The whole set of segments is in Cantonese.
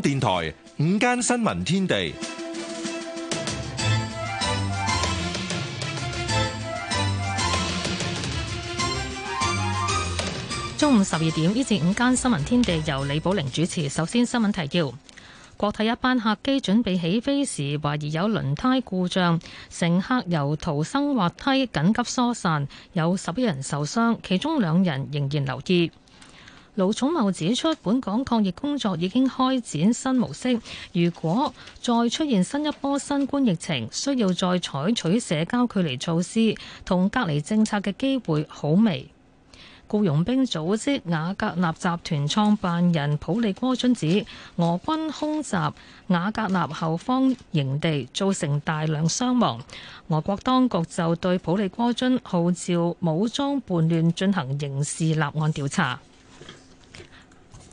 電台五間新聞天地，中午十二點一至五間新聞天地由李寶玲主持。首先新聞提要：國泰一班客機準備起飛時，懷疑有輪胎故障，乘客由逃生滑梯緊急疏散，有十一人受傷，其中兩人仍然留醫。盧寵茂指出，本港抗疫工作已經開展新模式。如果再出現新一波新冠疫情，需要再採取社交距離措施同隔離政策嘅機會好微。僱傭兵組織瓦格納集團創辦人普利戈津指，俄軍空襲瓦格納後方營地，造成大量傷亡。俄國當局就對普利戈津號召武裝叛亂進行刑事立案調查。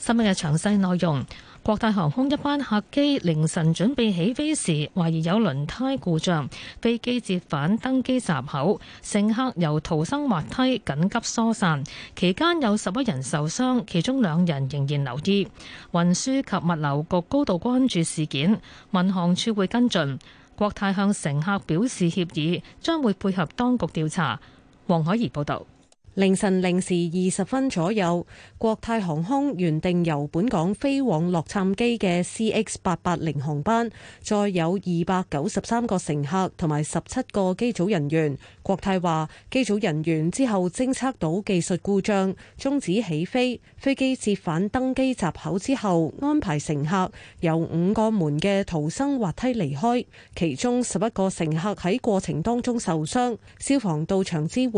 新聞嘅詳細內容：國泰航空一班客機凌晨準備起飛時，懷疑有輪胎故障，飛機折返登機閘口，乘客由逃生滑梯緊急疏散，期間有十一人受傷，其中兩人仍然留醫。運輸及物流局高度關注事件，民航處會跟進。國泰向乘客表示歉意，將會配合當局調查。黃海怡報導。凌晨零時二十分左右，國泰航空原定由本港飛往洛杉磯嘅 CX 八八零航班，再有二百九十三個乘客同埋十七個機組人員。國泰話，機組人員之後偵測到技術故障，終止起飛，飛機折返登機閘口之後，安排乘客由五個門嘅逃生滑梯離開，其中十一個乘客喺過程當中受傷，消防到場支援，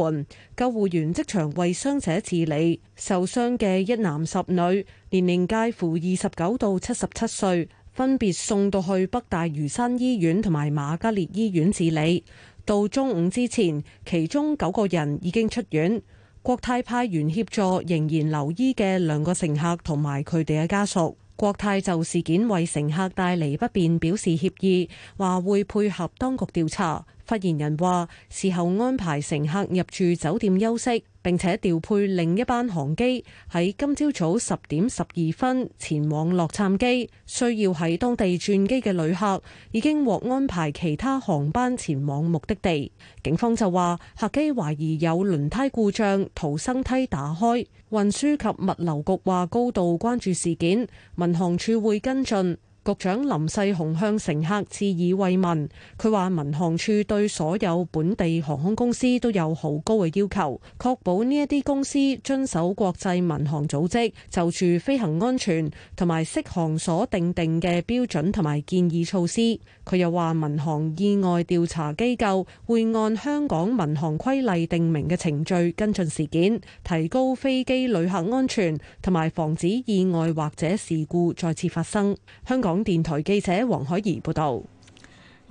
救護員場為傷者治理受傷嘅一男十女，年齡介乎二十九到七十七歲，分別送到去北大嶼山醫院同埋瑪嘉烈醫院治理。到中午之前，其中九個人已經出院。國泰派員協助仍然留醫嘅兩個乘客同埋佢哋嘅家屬。國泰就事件為乘客帶嚟不便表示歉意，話會配合當局調查。發言人話事後安排乘客入住酒店休息。並且調配另一班航機喺今朝早十點十二分前往洛杉磯，需要喺當地轉機嘅旅客已經獲安排其他航班前往目的地。警方就話客機懷疑有輪胎故障，逃生梯打開。運輸及物流局話高度關注事件，民航處會跟進。局長林世雄向乘客致以慰問。佢話民航處對所有本地航空公司都有好高嘅要求，確保呢一啲公司遵守國際民航組織就住飛行安全同埋適航所訂定嘅標準同埋建議措施。佢又話民航意外調查機構會按香港民航規例定明嘅程序跟進事件，提高飛機旅行安全同埋防止意外或者事故再次發生。香港。港電台記者黃海怡報道，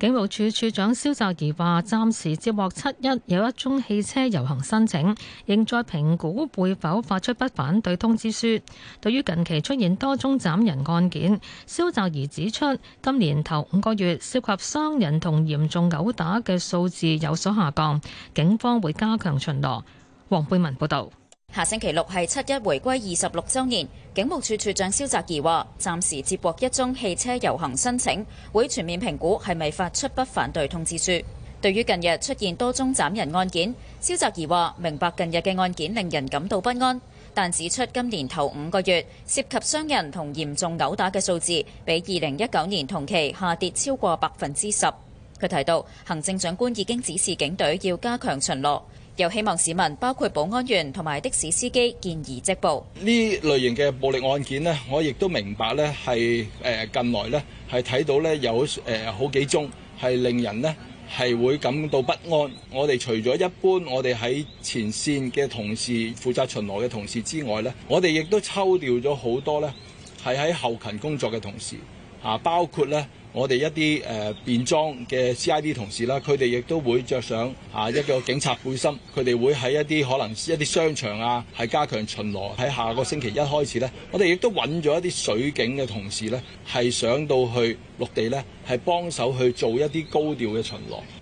警務處處長蕭澤頤話，暫時接獲七一有一宗汽車遊行申請，仍在評估會否發出不反對通知書。對於近期出現多宗斬人案件，蕭澤頤指出，今年頭五個月涉及傷人同嚴重毆打嘅數字有所下降，警方會加強巡邏。黃貝文報道。下星期六係七一回歸二十六週年，警務處處長蕭澤頤話：暫時接獲一宗汽車遊行申請，會全面評估係咪發出不反對通知書。對於近日出現多宗斬人案件，蕭澤頤話明白近日嘅案件令人感到不安，但指出今年頭五個月涉及傷人同嚴重毆打嘅數字，比二零一九年同期下跌超過百分之十。佢提到，行政長官已經指示警隊要加強巡邏。又希望市民，包括保安員同埋的士司機，見而即報。呢類型嘅暴力案件咧，我亦都明白咧，係誒近來咧係睇到咧有誒好幾宗係令人咧係會感到不安。我哋除咗一般我哋喺前綫嘅同事負責巡邏嘅同事之外咧，我哋亦都抽調咗好多咧係喺後勤工作嘅同事啊，包括咧。我哋一啲誒便裝嘅 C.I.D. 同事啦，佢哋亦都會着上啊一個警察背心，佢哋會喺一啲可能一啲商場啊，係加強巡邏。喺下個星期一開始咧，我哋亦都揾咗一啲水警嘅同事咧，係上到去陸地咧，係幫手去做一啲高調嘅巡邏。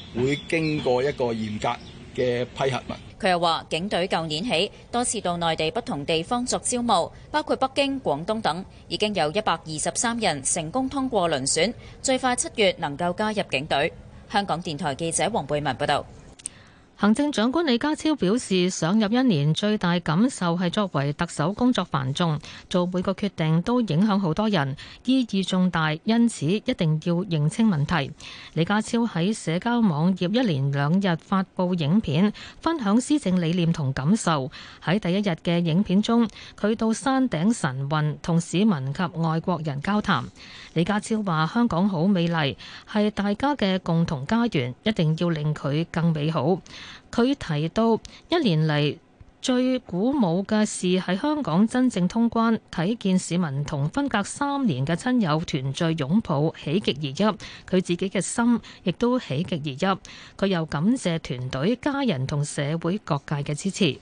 會經過一個嚴格嘅批核。佢又話，警隊舊年起多次到內地不同地方作招募，包括北京、廣東等，已經有一百二十三人成功通過遴選，最快七月能夠加入警隊。香港電台記者黃貝文報道。行政長官李家超表示，上任一年最大感受係作為特首工作繁重，做每個決定都影響好多人，意義重大，因此一定要認清問題。李家超喺社交網頁一連兩日發佈影片，分享施政理念同感受。喺第一日嘅影片中，佢到山頂晨運同市民及外國人交談。李家超話：香港好美麗，係大家嘅共同家園，一定要令佢更美好。佢提到一年嚟最鼓舞嘅事係香港真正通關，睇見市民同分隔三年嘅親友團聚擁抱，喜極而泣。佢自己嘅心亦都喜極而泣。佢又感謝團隊、家人同社會各界嘅支持。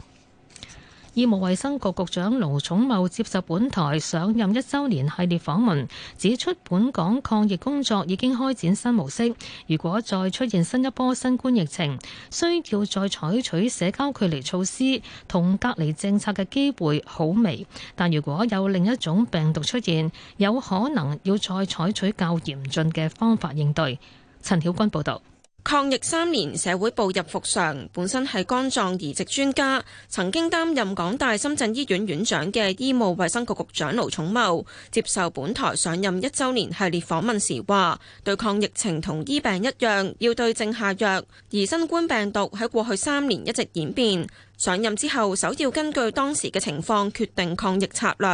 醫務衛生局局長盧寵茂接受本台上任一周年系列訪問，指出本港抗疫工作已經開展新模式。如果再出現新一波新冠疫情，需要再採取社交距離措施同隔離政策嘅機會好微。但如果有另一種病毒出現，有可能要再採取較嚴峻嘅方法應對。陳曉君報道。抗疫三年，社會步入復常。本身係肝臟移植專家，曾經擔任港大深圳醫院院長嘅醫務衛生局局長盧寵茂，接受本台上任一周年系列訪問時話：對抗疫情同醫病一樣，要對症下藥。而新冠病毒喺過去三年一直演變。上任之後，首要根據當時嘅情況決定抗疫策略。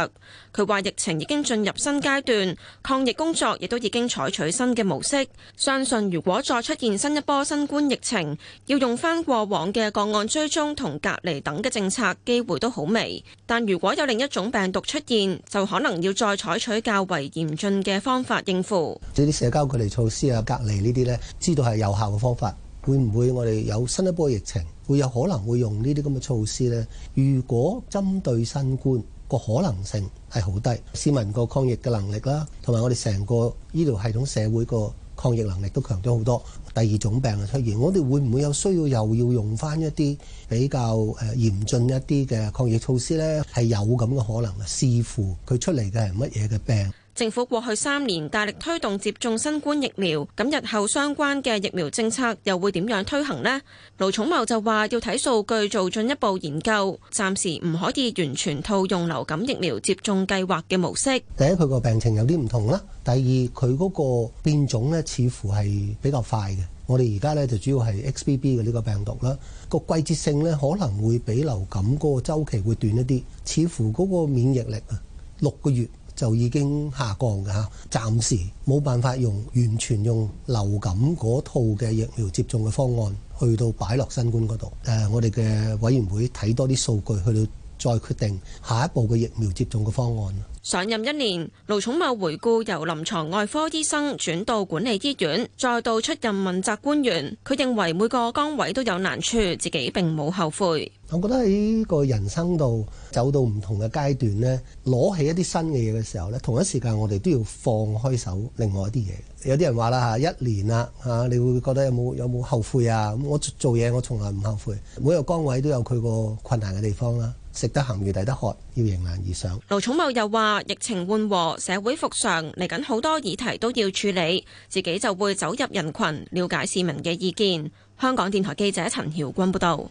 佢話疫情已經進入新階段，抗疫工作亦都已經採取新嘅模式。相信如果再出現新一波新冠疫情，要用翻過往嘅個案追蹤同隔離等嘅政策，機會都好微。但如果有另一種病毒出現，就可能要再採取較為嚴峻嘅方法應付。呢啲社交距離措施啊、隔離呢啲咧，知道係有效嘅方法，會唔會我哋有新一波疫情？會有可能會用呢啲咁嘅措施呢？如果針對新冠，個可能性係好低，市民個抗疫嘅能力啦，同埋我哋成個醫療系統社會個抗疫能力都強咗好多。第二種病嘅出現，我哋會唔會有需要又要用翻一啲比較誒嚴峻一啲嘅抗疫措施呢？係有咁嘅可能，視乎佢出嚟嘅係乜嘢嘅病。政府過去三年大力推動接種新冠疫苗，咁日後相關嘅疫苗政策又會點樣推行呢？盧寵茂就話：要睇數據做進一步研究，暫時唔可以完全套用流感疫苗接種計劃嘅模式。第一，佢個病情有啲唔同啦；第二，佢嗰個變種呢，似乎係比較快嘅。我哋而家呢就主要係 XBB 嘅呢個病毒啦。個季節性咧可能會比流感嗰個週期會短一啲，似乎嗰個免疫力啊六個月。就已經下降㗎吓，暫時冇辦法用完全用流感嗰套嘅疫苗接種嘅方案去到擺落新冠嗰度。誒、呃，我哋嘅委員會睇多啲數據去到。再決定下一步嘅疫苗接種嘅方案。上任一年，盧寵茂回顧由臨床外科醫生轉到管理醫院，再度出任問責官員。佢認為每個崗位都有難處，自己並冇後悔。我覺得喺個人生度走到唔同嘅階段呢，攞起一啲新嘅嘢嘅時候呢，同一時間我哋都要放開手另外一啲嘢。有啲人話啦嚇，一年啦嚇，你會覺得有冇有冇後悔啊？我做嘢我從來唔後悔。每個崗位都有佢個困難嘅地方啦。食得鹹魚抵得渴，要迎難而上。盧寵茂又話：疫情緩和，社會復常，嚟緊好多議題都要處理，自己就會走入人群，了解市民嘅意見。香港電台記者陳曉君報導。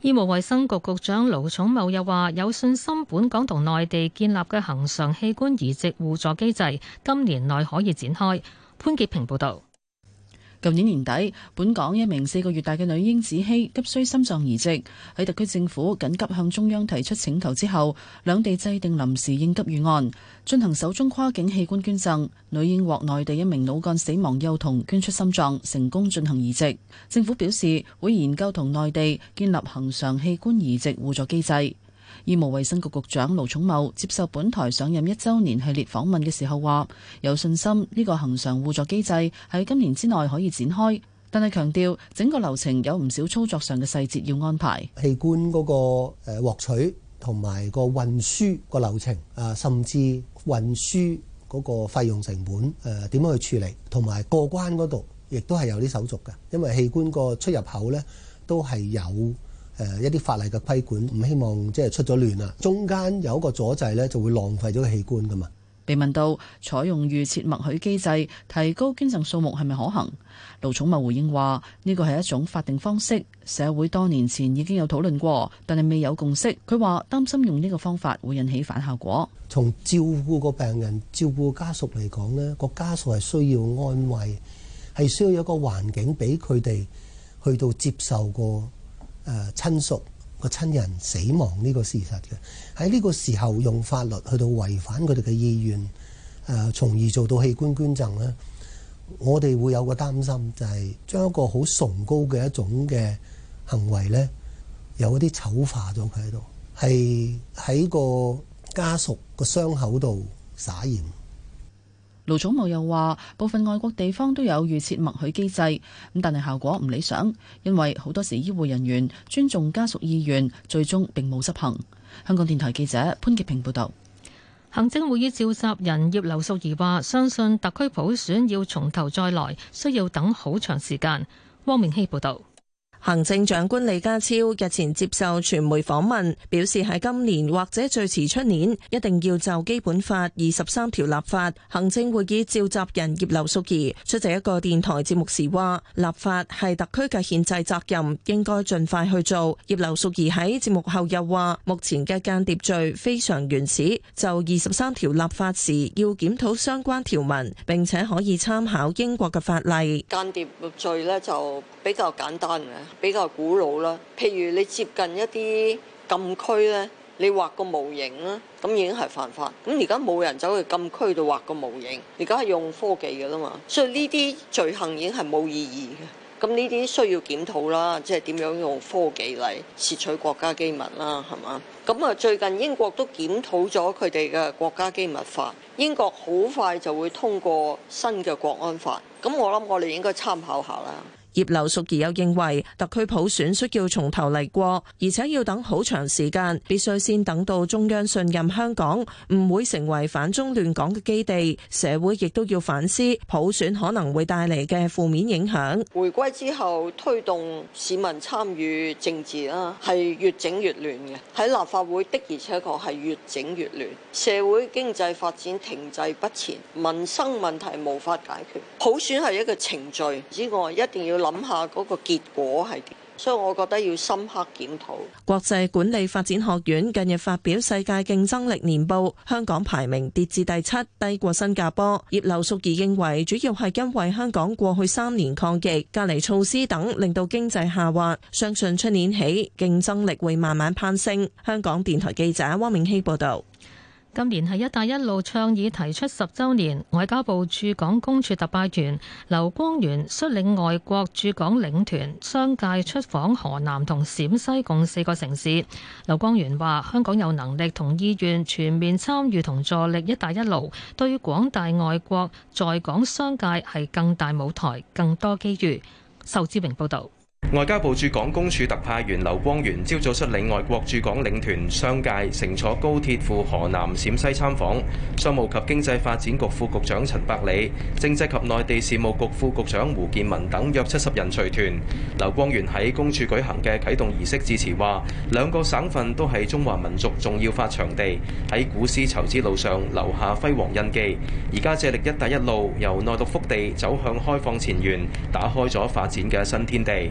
醫務衛生局局局長盧寵茂又話：有信心，本港同內地建立嘅恒常器官移植互助機制，今年內可以展開。潘潔平報導。舊年年底，本港一名四個月大嘅女嬰子希急需心臟移植，喺特區政府緊急向中央提出請求之後，兩地制定臨時應急預案，進行首宗跨境器官捐贈。女嬰獲內地一名腦幹死亡幼童捐出心臟，成功進行移植。政府表示會研究同內地建立恒常器官移植互助機制。醫務衛生局局長盧寵茂接受本台上任一周年系列訪問嘅時候話，有信心呢個恒常互助機制喺今年之內可以展開，但係強調整個流程有唔少操作上嘅細節要安排。器官嗰個誒獲取同埋個運輸個流程啊，甚至運輸嗰個費用成本誒點樣去處理，同埋過關嗰度亦都係有啲手續嘅，因為器官個出入口呢都係有。誒一啲法例嘅規管，唔希望即係出咗亂啊。中間有一個阻滯咧，就會浪費咗器官噶嘛。被問到採用預設默許機制提高捐贈數目係咪可行？盧寵茂回應話呢個係一種法定方式，社會多年前已經有討論過，但係未有共識，佢話擔心用呢個方法會引起反效果。從照顧個病人、照顧家屬嚟講咧，個家屬係需要安慰，係需要有個環境俾佢哋去到接受過誒、啊、親屬個親人死亡呢個事實嘅，喺呢個時候用法律去到違反佢哋嘅意願，誒、啊、從而做到器官捐贈咧，我哋會有個擔心，就係將一個好崇高嘅一種嘅行為咧，有一啲醜化咗佢喺度，係喺個家屬個傷口度撒鹽。盧寵茂又話：部分外國地方都有預設默許機制，咁但係效果唔理想，因為好多時醫護人員尊重家屬意願，最終並冇執行。香港電台記者潘潔平報道，行政會議召集人葉劉淑儀話：相信特區普選要從頭再來，需要等好長時間。汪明希報道。行政長官李家超日前接受傳媒訪問，表示喺今年或者最遲出年，一定要就《基本法》二十三條立法。行政會議召集人葉劉淑儀出席一個電台節目時話：立法係特區嘅憲制責任，應該盡快去做。葉劉淑儀喺節目後又話：目前嘅間諜罪非常原始，就二十三條立法時要檢討相關條文，並且可以參考英國嘅法例。間諜罪呢就比較簡單嘅。比較古老啦，譬如你接近一啲禁區呢，你畫個模型啦，咁已經係犯法。咁而家冇人走去禁區度畫個模型，而家係用科技噶啦嘛，所以呢啲罪行已經係冇意義嘅。咁呢啲需要檢討啦，即係點樣用科技嚟竊取國家機密啦，係嘛？咁啊，最近英國都檢討咗佢哋嘅國家機密法，英國好快就會通過新嘅國安法。咁我諗我哋應該參考下啦。葉劉淑儀又認為，特區普選需要從頭嚟過，而且要等好長時間，必須先等到中央信任香港，唔會成為反中亂港嘅基地。社會亦都要反思普選可能會帶嚟嘅負面影響。回歸之後推動市民參與政治啦，係越整越亂嘅。喺立法會的而且確係越整越亂，社會經濟發展停滯不前，民生問題無法解決。普選係一個程序之外，一定要。諗下嗰個結果係點，所以我覺得要深刻檢討。國際管理發展學院近日發表《世界競爭力年報》，香港排名跌至第七，低過新加坡。葉劉淑儀認為，主要係因為香港過去三年抗疫隔離措施等，令到經濟下滑，相信出年起競爭力會慢慢攀升。香港電台記者汪明希報導。今年係一帶一路倡議提出十週年，外交部駐港公署特派員劉光源率領外國駐港領團、商界出訪河南同陝西共四個城市。劉光源話：香港有能力同意願全面參與同助力一帶一路，對於廣大外國在港商界係更大舞台、更多機遇。仇志榮報道。外交部駐港公署特派員劉光源朝早率領外國駐港領團商界乘坐高鐵赴河南陝西參訪，商務及經濟發展局副局長陳百里、政制及內地事務局副局長胡建文等約七十人隨團。劉光源喺公署舉行嘅啟動儀式致辭話：兩個省份都係中華民族重要發祥地，喺古絲綢之路上留下輝煌印記。而家借力一帶一路，由內陸腹地走向開放前沿，打開咗發展嘅新天地。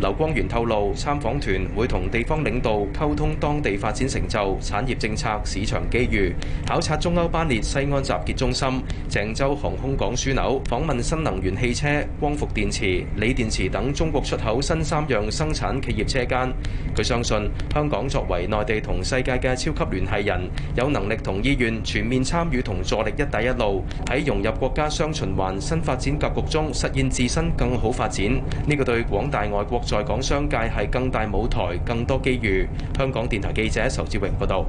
劉光源透露，參訪團會同地方領導溝通當地發展成就、產業政策、市場機遇，考察中歐班列西安集結中心、鄭州航空港樞紐，訪問新能源汽車、光伏電池、鋰電池等中國出口新三樣生產企業車間。佢相信，香港作為內地同世界嘅超級聯繫人，有能力同意願全面參與同助力“一帶一路”，喺融入國家雙循環新發展格局中實現自身更好發展。呢個對廣大外國，在港商界係更大舞台、更多機遇。香港電台記者仇志榮報道。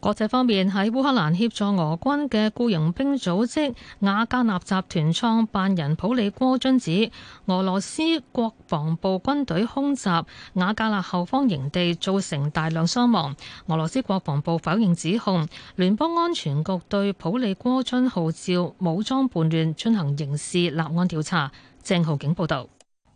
國際方面，喺烏克蘭協助俄軍嘅雇傭兵組織瓦格納集團創辦人普里戈津指，俄羅斯國防部軍隊空襲瓦格納後方營地，造成大量傷亡。俄羅斯國防部否認指控，聯邦安全局對普里戈津號召武裝叛亂進行刑事立案調查。鄭浩景報道。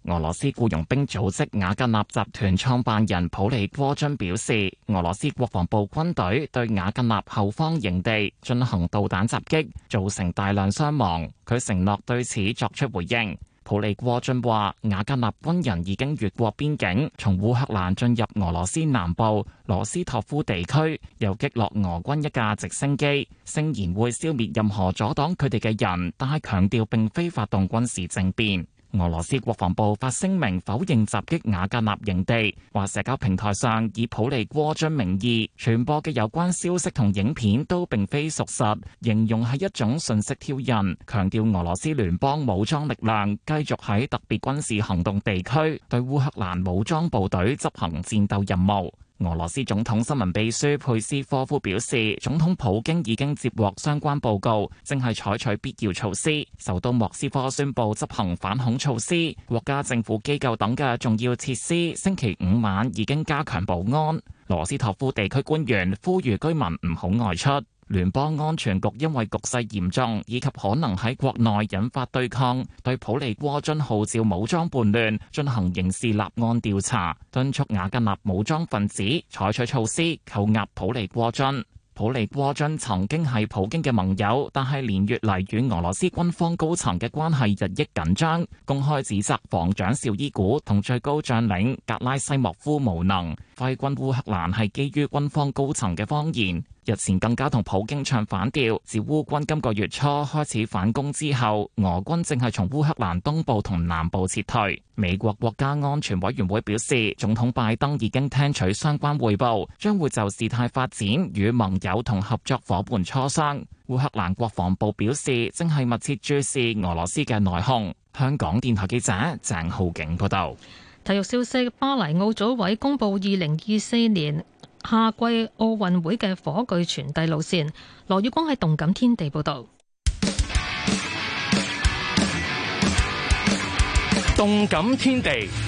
俄羅斯僱傭兵組織雅格納集團創辦人普里戈津表示，俄羅斯國防部軍隊對雅格納後方營地進行導彈襲擊，造成大量傷亡。佢承諾對此作出回應。普里戈津話，雅格納軍人已經越過邊境，從烏克蘭進入俄羅斯南部羅斯托夫地區，又擊落俄軍一架直升機。聲言會消滅任何阻擋佢哋嘅人，但係強調並非發動軍事政變。俄羅斯國防部發聲明否認襲擊瓦格納營地，話社交平台上以普里戈任名義傳播嘅有關消息同影片都並非屬實，形容係一種信息挑釁，強調俄羅斯聯邦武裝力量繼續喺特別軍事行動地區對烏克蘭武裝部隊執行戰鬥任務。俄羅斯總統新聞秘書佩斯科夫表示，總統普京已經接獲相關報告，正係採取必要措施。首都莫斯科宣布執行反恐措施，國家政府機構等嘅重要設施星期五晚已經加強保安。羅斯托夫地區官員呼籲居民唔好外出。聯邦安全局因為局勢嚴重以及可能喺國內引發對抗，對普利戈津號召武裝叛亂進行刑事立案調查，敦促瓦格納武裝分子採取措施扣押普利戈津。普利戈津曾經係普京嘅盟友，但係連月嚟與俄羅斯軍方高層嘅關係日益緊張，公開指責防長紹伊古同最高將領格拉西莫夫無能。揮軍烏克蘭係基於軍方高層嘅謊言，日前更加同普京唱反調。自烏軍今個月初開始反攻之後，俄軍正係從烏克蘭東部同南部撤退。美國國家安全委員會表示，總統拜登已經聽取相關彙報，將會就事態發展與盟友同合作伙伴磋商。烏克蘭國防部表示，正係密切注視俄羅斯嘅內訌。香港電台記者鄭浩景報道。體育消息：巴黎奧組委公佈二零二四年夏季奧運會嘅火炬傳遞路線。羅宇光喺動感天地報道。動感天地。報導動感天地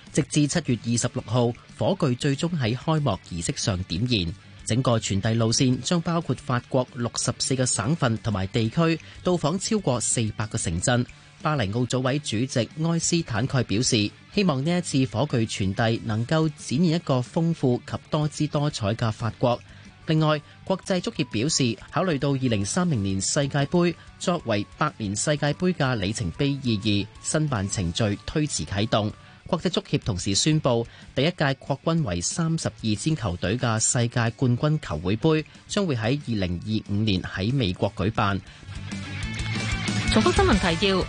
直至七月二十六號，火炬最終喺開幕儀式上點燃。整個傳遞路線將包括法國六十四個省份同埋地區，到訪超過四百個城鎮。巴黎奧組委主席埃斯坦蓋表示，希望呢一次火炬傳遞能夠展現一個豐富及多姿多彩嘅法國。另外，國際足協表示，考慮到二零三零年世界杯作為百年世界杯嘅里程碑意義，申辦程序推遲啟動。國際足協同時宣佈，第一屆擴軍為三十二支球隊嘅世界冠軍球會盃將會喺二零二五年喺美國舉辦。重複新聞提要：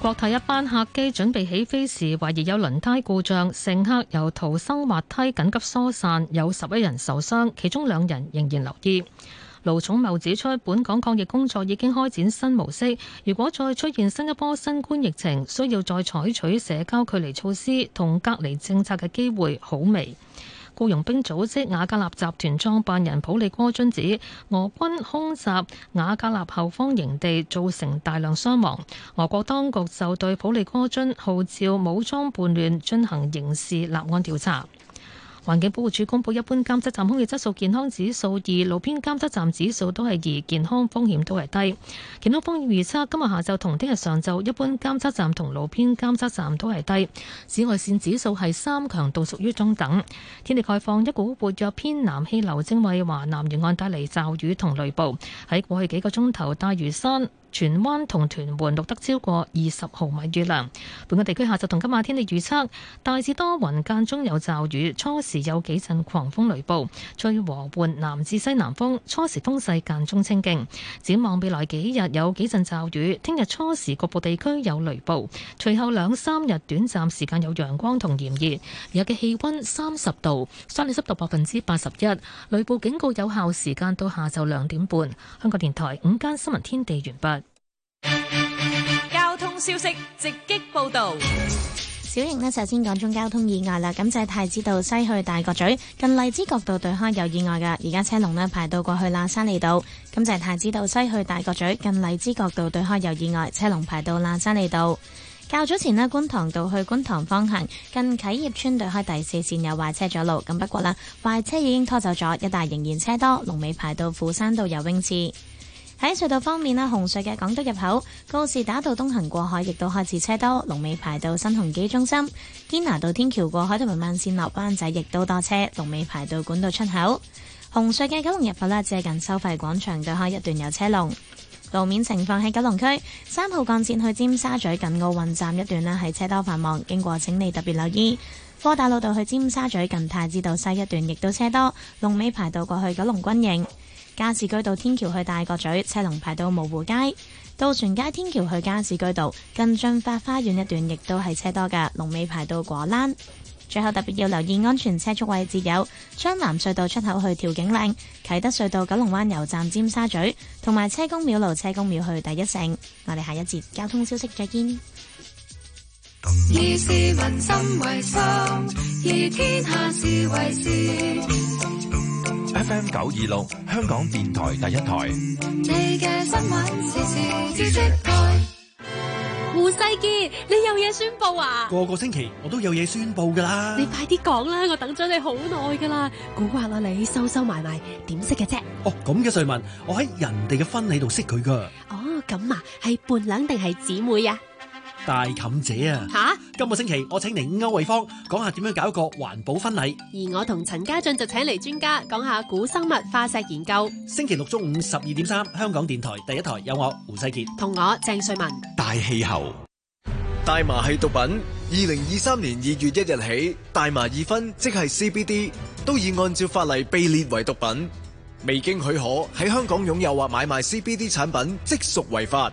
國泰一班客機準備起飛時，懷疑有輪胎故障，乘客由逃生滑梯緊急疏散，有十一人受傷，其中兩人仍然留醫。盧寵茂指出，本港抗疫工作已經開展新模式，如果再出現新一波新冠疫情，需要再採取社交距離措施同隔離政策嘅機會好微。僱傭兵組織瓦格納集團創辦人普利戈津指，俄軍空襲瓦格納後方營地，造成大量傷亡，俄國當局就對普利戈津號召武裝叛亂進行刑事立案調查。環境保護署公布，一般監測站空氣質素健康指數二，路邊監測站指數都係二，健康風險都係低。健康風險預測今日下晝同聽日上晝，一般監測站同路邊監測站都係低。紫外線指數係三，強度屬於中等。天氣概況：一股活躍偏南氣流正為華南沿岸帶嚟驟雨同雷暴。喺過去幾個鐘頭，大嶼山，荃灣同屯門錄得超過二十毫米雨量。本地區下晝同今晚天氣預測，大致多雲間中有驟雨，初時有幾陣狂風雷暴，吹和緩南至西南風，初時風勢間中清勁。展望未來幾日有幾陣驟雨，聽日初時局部地區有雷暴，隨後兩三日短暫時間有陽光同炎熱，而家嘅氣温三十度，相對濕度百分之八十一，雷暴警告有效時間到下晝兩點半。香港電台午間新聞天地完畢。交通消息直擊報道，小瑩呢，首先講中交通意外啦。咁就係、太子道西去大角咀近荔枝角道對開有意外噶，而家車龍呢，排到過去喇沙利道。咁就係、太子道西去大角咀近荔枝角道對開有意外，車龍排到喇沙利道。較早前呢，觀塘道去觀塘方向近啟業村對開第四綫有壞車阻路，咁不過啦，壞車已經拖走咗，一帶仍然車多，龍尾排到斧山道游泳池。喺隧道方面啦，紅隧嘅港島入口、告士打道東行過海亦都開始車多，龍尾排到新鴻基中心；堅拿道天橋過海同埋慢，慢線落灣仔亦都多車，龍尾排到管道出口。紅隧嘅九龍入口呢，接近收費廣場對開一段有車龍。路面情況喺九龍區，三號幹線去尖沙咀近奧運站一段呢，係車多繁忙，經過請你特別留意。窩打老道去尖沙咀近太子道西一段亦都車多，龍尾排到過去九龍軍營。加士居道天橋去大角咀，車龍排到蕪湖街；渡船街天橋去加士居道，近駿發花園一段亦都係車多㗎，龍尾排到果欄。最後特別要留意安全車速位置有：將南隧道出口去調景嶺、啟德隧道九龍灣油站、尖沙咀同埋車公廟路，車公廟去第一城。我哋下一節交通消息再見。以 FM 九二六，26, 香港電台第一台。謝謝謝謝胡世杰，你有嘢宣布啊？個個星期我都有嘢宣布噶啦。你快啲講啦，我等咗你好耐噶啦。古惑啦，你收收埋埋，點識嘅啫？哦，咁嘅瑞文，我喺人哋嘅婚禮度識佢噶。哦，咁啊，係伴娘定係姊妹啊？大冚者啊！吓，今個星期我請嚟歐慧芳講下點樣搞一個環保婚禮，而我同陳家俊就請嚟專家講下古生物化石研究。星期六中午十二點三，3，香港電台第一台，第一台有我胡世杰同我鄭瑞文。大氣候，大麻係毒品。二零二三年二月一日起，大麻二酚即係 CBD 都已按照法例被列為毒品，未經許可喺香港擁有或買賣 CBD 產品即屬違法。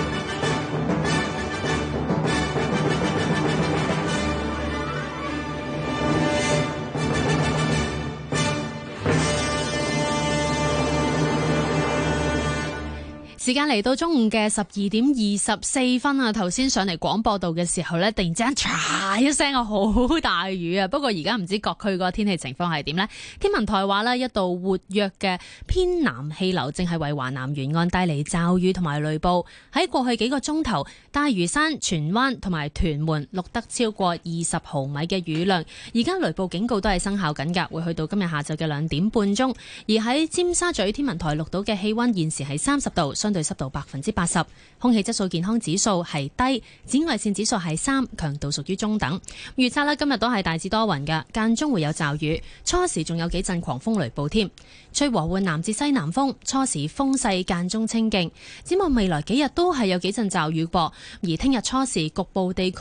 時間嚟到中午嘅十二點二十四分啊！頭先上嚟廣播道嘅時候呢，突然之間嚓一聲啊，好大雨啊！不過而家唔知各區個天氣情況係點呢？天文台話呢，一度活躍嘅偏南氣流正係為華南沿岸帶嚟驟雨同埋雷暴。喺過去幾個鐘頭，大嶼山、荃灣同埋屯門錄得超過二十毫米嘅雨量。而家雷暴警告都係生效緊噶，會去到今日下晝嘅兩點半鐘。而喺尖沙咀天文台錄到嘅氣溫現時係三十度，相對。濕度百分之八十，空氣質素健康指數係低，紫外線指數係三，強度屬於中等。預測咧今日都係大致多雲嘅，間中會有驟雨，初時仲有幾陣狂風雷暴添。吹和緩南至西南風，初時風勢間中清勁。展望未來幾日都係有幾陣驟雨噃，而聽日初時局部地區。